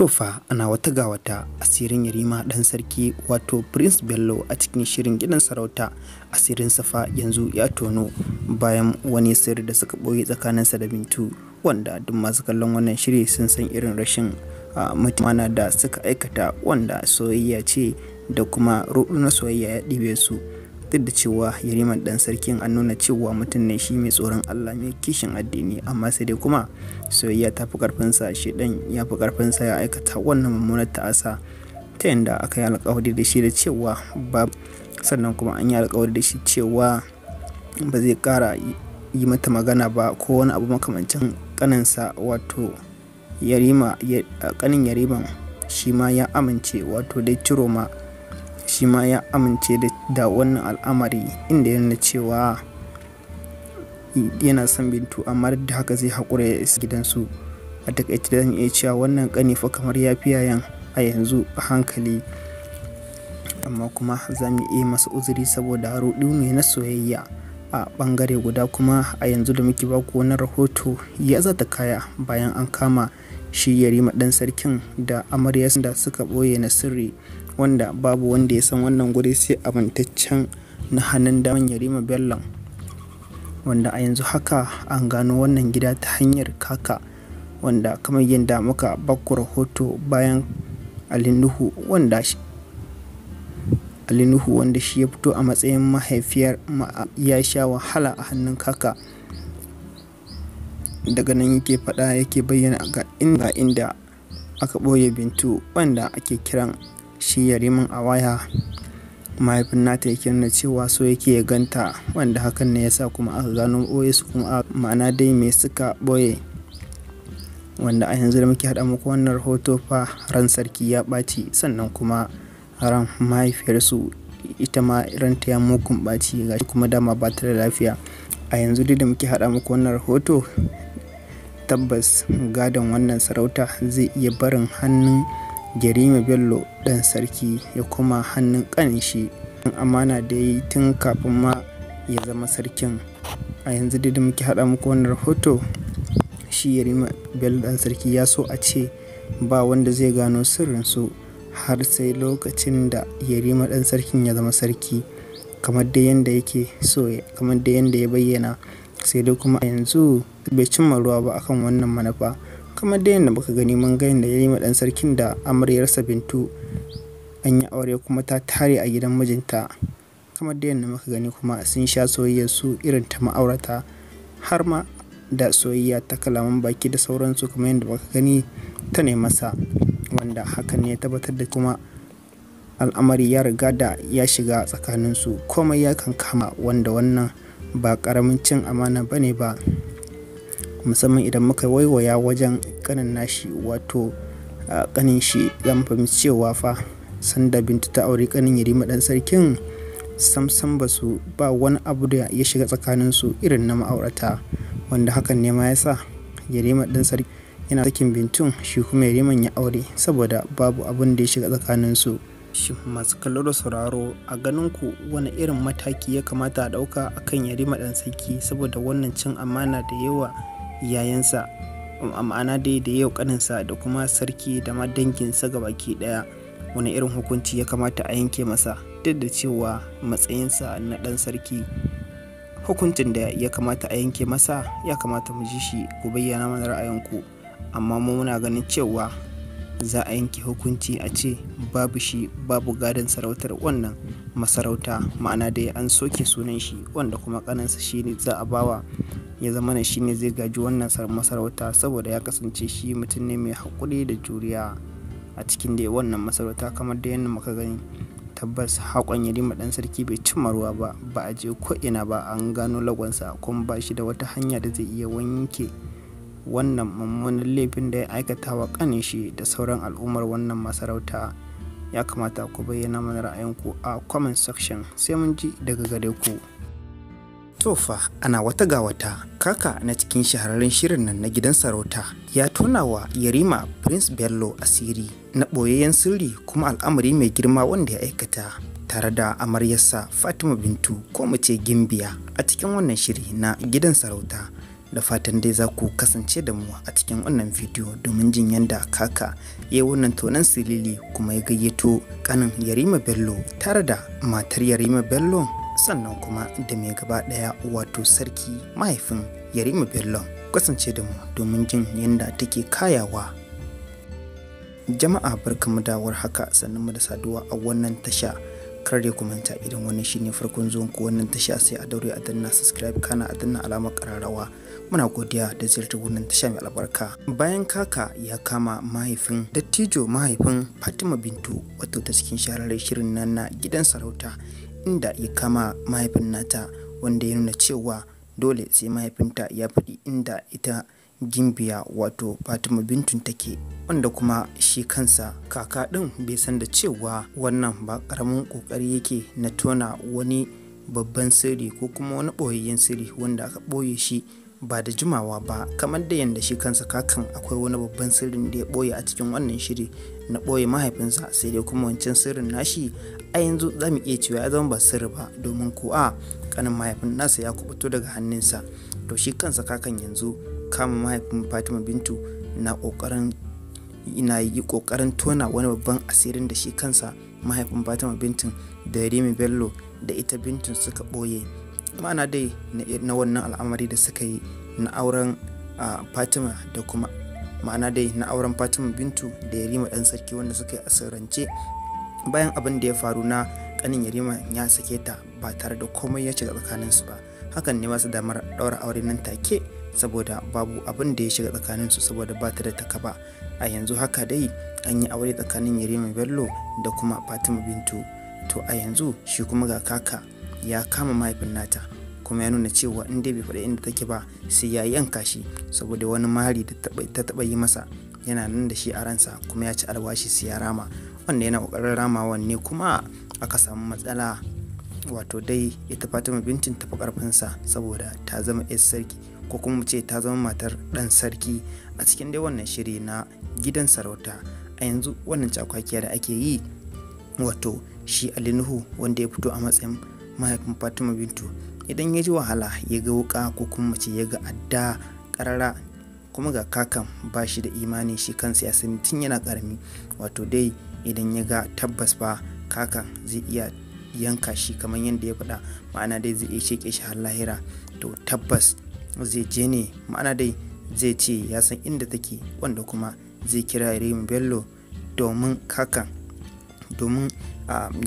tofa ana wata ga wata asirin yarima dan sarki wato prince bello a cikin shirin gidan sarauta asirin safa yanzu ya tono bayan wani sirri da suka tsakanin tsakaninsa da bintu wanda duk masu kallon wannan shiri sun san irin rashin mutumana da suka aikata wanda soyayya ce da kuma rudu na soyayya ya ɗibe su duk da cewa yariman dan sarkin an nuna cewa mutum ne shi mai tsoron allah mai kishin addini amma sai dai kuma soyayya ta fi ƙarfinsa shi ɗan ya fi ƙarfinsa ya aikata wannan mummunar ta'asa ta yadda aka yi alkawari da shi da cewa ba sannan kuma an yi alkawari da shi cewa ba zai ƙara yi mata magana ba ko wani abu makamancin kaninsa wato yarima kanin yariman shi ma ya amince wato dai ciroma shi ma ya amince da wannan al'amari inda yana cewa yana son bintu amma da haka zai haƙura ya isa gidansu a takaice zan iya cewa wannan ƙani fa kamar ya fi yayan a yanzu a hankali amma kuma za mu iya masa uzuri saboda haruɗi ne na soyayya a ɓangare guda kuma a yanzu da muke baku wannan rahoto ya zata kaya bayan an kama shi yarima ɗan sarkin da amarya da suka ɓoye na sirri wanda babu wanda ya san wannan guri sai abantaccen na hannun daman yarima bellon wanda a yanzu haka an gano wannan gida ta hanyar kaka wanda kamar yadda muka baku rahoto bayan alinuhu wanda wanda shi ya fito a matsayin mahaifiyar ya sha wahala a hannun kaka daga nan yake fada yake bayyana ga inda inda aka ɓoye bintu wanda ake kiran shi yariman a waya mahaifin nata yake nuna cewa so yake ya ganta wanda hakan ne yasa kuma aka gano boye su kuma ma'ana dai mai suka boye wanda a yanzu da muke haɗa muku wannan rahoto fa ran sarki ya ɓaci sannan kuma ran mahaifiyarsu ita ma ranta ya mugun ɓaci gashi kuma dama ba ta da lafiya a yanzu dai da muke haɗa muku wannan rahoto tabbas gadon wannan sarauta zai iya barin hannun jerima bello dan sarki ya kuma hannun ƙanin shi amana da ya yi tun kafin ma ya zama sarkin a yanzu da muke haɗa muku wani rahoto shi ya rima bel ɗan sarki ya so a ce ba wanda zai gano sirrinsu har sai lokacin da ya rima ɗan sarkin ya zama sarki kamar da yadda yake so kamar da yadda ya bayyana sai dai kuma a yanzu bai cimma ruwa ba akan wannan manufa kamar da yadda muka gani mun ga yadda ya rima ɗan sarkin da amaryarsa bintu an yi aure kuma ta tare a gidan mijinta kamar da yadda muka gani kuma sun sha soyayyar su irin ta ma'aurata har ma da soyayya ta kalaman baki da sauransu kuma yadda muka gani ta ne masa wanda hakan ne tabbatar da kuma al'amari ya riga da ya shiga tsakaninsu komai ya kama wanda wannan ba karamin cin amana ba ne ba musamman idan muka waiwaya wajen kanin nashi wato kanin shi zan fahimci cewa fa sanda bintu ta auri kanin yarima dan sarkin samsam ba su ba wani abu da ya shiga tsakanin su irin na ma'aurata wanda hakan ne ma yasa sa yarima dan sarki yana sakin bintun shi kuma yariman ya aure saboda babu abun da ya shiga tsakanin su. shi masu kallo sauraro a ganin ku wani irin mataki ya kamata a ɗauka akan yarima dan sarki saboda wannan cin amana da yawa yayansa ma'ana dai da yau kaninsa da kuma sarki da ma danginsa gabaki ɗaya wani irin hukunci ya kamata a yanke masa duk da cewa matsayinsa na ɗan sarki hukuncin da ya kamata a yanke masa ya kamata mu ji shi ku bayyana mana ra'ayinku amma mu muna ganin cewa za a yanke hukunci a ce babu shi babu gadon sarautar wannan masarauta ma'ana da an soke sunan shi wanda kuma kanansa shi ne za a bawa ya zama na shi ne zai gaji wannan masarauta saboda ya kasance shi mutum ne mai haƙuri da juriya a cikin dai wannan masarauta kamar da yadda muka gani tabbas haƙon yarima ɗan sarki bai cimma ruwa ba ba a je ko ina ba an gano lagonsa kuma ba shi da wata hanya da zai iya wanke wannan mummunan laifin da ya aikata wa ƙanin shi da sauran al'ummar wannan masarauta ya kamata ku bayyana mana ra'ayinku a comment section sai mun ji daga gare ku tofa ana wata ga wata kaka na cikin shahararren shirin nan na gidan sarauta ya tona wa yarima prince bello asiri na ɓoyayyen sirri kuma al'amari mai girma wanda ya aikata tare da amaryarsa Fatima Bintu ko mu ce Gimbiya a cikin wannan shiri na gidan sarauta da fatan dai za ku kasance da mu a cikin wannan bidiyo domin jin yadda kaka ya wannan tonan silili kuma ya gayyato kanin Yarima Bello tare da matar Yarima Bello sannan kuma da mai gaba ɗaya wato sarki mahaifin Yarima Bello kasance da mu domin jin yadda take kayawa Jama'a barkamu da haka sannan mu da saduwa a wannan tasha kar da kumanta idan wannan shine farkon zuwan ku wannan tasha sai a daure a danna subscribe kana a danna alamar kararrawa muna godiya da ziyartar wannan tasha mai albarka bayan kaka ya kama mahaifin dattijo mahaifin Fatima Bintu wato ta cikin shahararren shirin nan na gidan sarauta inda ya kama mahaifin nata wanda ya nuna cewa dole sai mahaifinta ya faɗi inda ita gimbiya wato fatima bintun take wanda kuma shi kansa kaka ɗin bai san da cewa wannan ba ƙaramin ƙoƙari yake na tona wani babban sirri ko kuma wani ɓoyayyen sirri wanda aka ɓoye shi ba da jimawa ba kamar da yadda shi kansa kakan akwai wani babban sirrin da ya ɓoye a cikin wannan shiri na ɓoye mahaifinsa sai dai kuma wancan sirrin nashi a yanzu za mu iya cewa ya zama ba sirri ba domin ko a kanin mahaifin nasa ya kubuto daga hannunsa to shi kansa kakan yanzu kama mahaifin fatima bintu na kokarin ina yi kokarin tona wani babban asirin da shi kansa mahaifin fatima bintin da rimi bello da ita bintin suka ɓoye ma'ana dai na wannan al'amari da suka yi na auren fatima da kuma ma'ana dai na auren fatima bintu da yarima ɗan sarki wanda suka yi asirance bayan abin da ya faru na ƙanin yarima ya sake ta ba tare da komai ya shiga tsakaninsu ba hakan ne masu damar ɗaura aure nan take saboda babu abin da ya shiga tsakanin su saboda ba ta da ba a yanzu haka dai an yi aure tsakanin yarima bello da kuma fatima bintu to a yanzu shi kuma ga kaka ya kama mahaifin nata kuma ya nuna cewa in dai bai faɗi inda take ba sai ya yanka shi saboda wani mahari da ta taɓa yi masa yana nan da shi a ransa kuma ya ci alwashi sai ya rama wanda yana ƙoƙarin ramawa ne kuma aka samu matsala wato dai ita fatima bintin tafi ƙarfinsa saboda ta zama 'yar sarki ko kuma mu ce ta zama matar ɗan sarki a cikin dai wannan shiri na gidan sarauta a yanzu wannan cakwakiya da ake yi wato shi alinuhu wanda ya fito a matsayin mahaifin fatima bintu idan ya ji wahala ya ga wuka ko kuma mace ya ga adda karara kuma ga kakan ba shi da imani shi kansa ya tun yana karami wato dai idan ya ga tabbas ba kakan zai iya yanka shi kamar yadda ya faɗa ma'ana dai zai iya sheke shi har lahira to tabbas zai je ne ma'ana dai zai ce ya san inda take wanda kuma zai kira Remi Bello domin kakan domin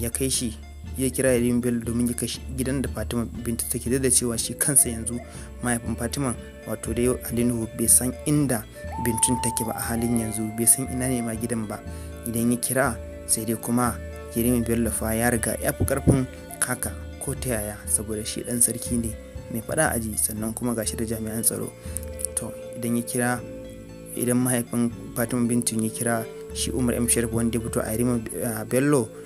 ya kai shi ya kira Bello domin ya kai gidan da Fatima Binta take da cewa shi kansa yanzu mahaifin Fatima wato dai alinu bai san inda Bintun take ba a halin yanzu bai san ina ne ma gidan ba idan ya kira sai dai kuma Jeremy Bello fa ya riga ya fi karfin kaka ko ta yaya saboda shi dan sarki ne mai faɗa aji sannan kuma gashi da jami'an tsaro to idan ya kira idan mahaifin fatima bintin ya kira shi umar m sharif wanda ya fito a bello